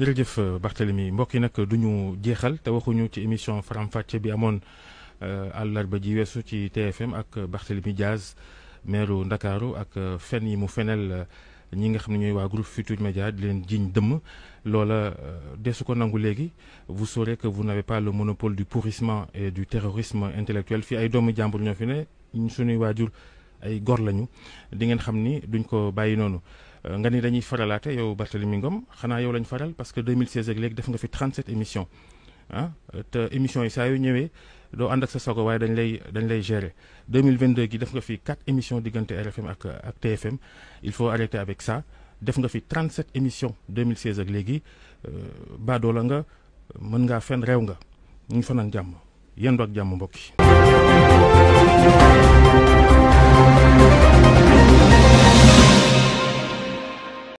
jërëjëf euh, Barthélemy mbokk yi nag du ñu jeexal te waxuñu ci émission faram-fàcce bi amoon euh, àllarba ji weesu ci TFM ak Barthélemy Diaz meeru Ndakaaru ak euh, fen yi mu fenel ñi nga xam ne ñuy waa groupe Futur Média di leen jiiñ dëmm loola desu ko nangu léegi vous saurez que vous n'avez pas le monopole du pourrissement et du terrorisme intellectuel fii ay doomu jàmbur ñoo fi ne suñuy waajur ay góor lañu di ngeen xam ni duñ ko bàyyi noonu euh, nga ni dañuy faralaate yow mi Ngom xanaa yow lañ faral parce que 2016 ak léegi def nga fi 37 émissions ah, te émissions yi saa yu ñëwee doo ànd ak sa sago waaye dañ lay dañ lay gérer 2022 gi def nga fi 4 émissions diggante RFM ak ak TFM il faut arrêter avec ça def nga fi 37 émissions 2016 ak léegi euh, baadoola nga mën ngaa fen réew nga ñu ngi fanaan jàmm yendoo ak jàmm mbokk yi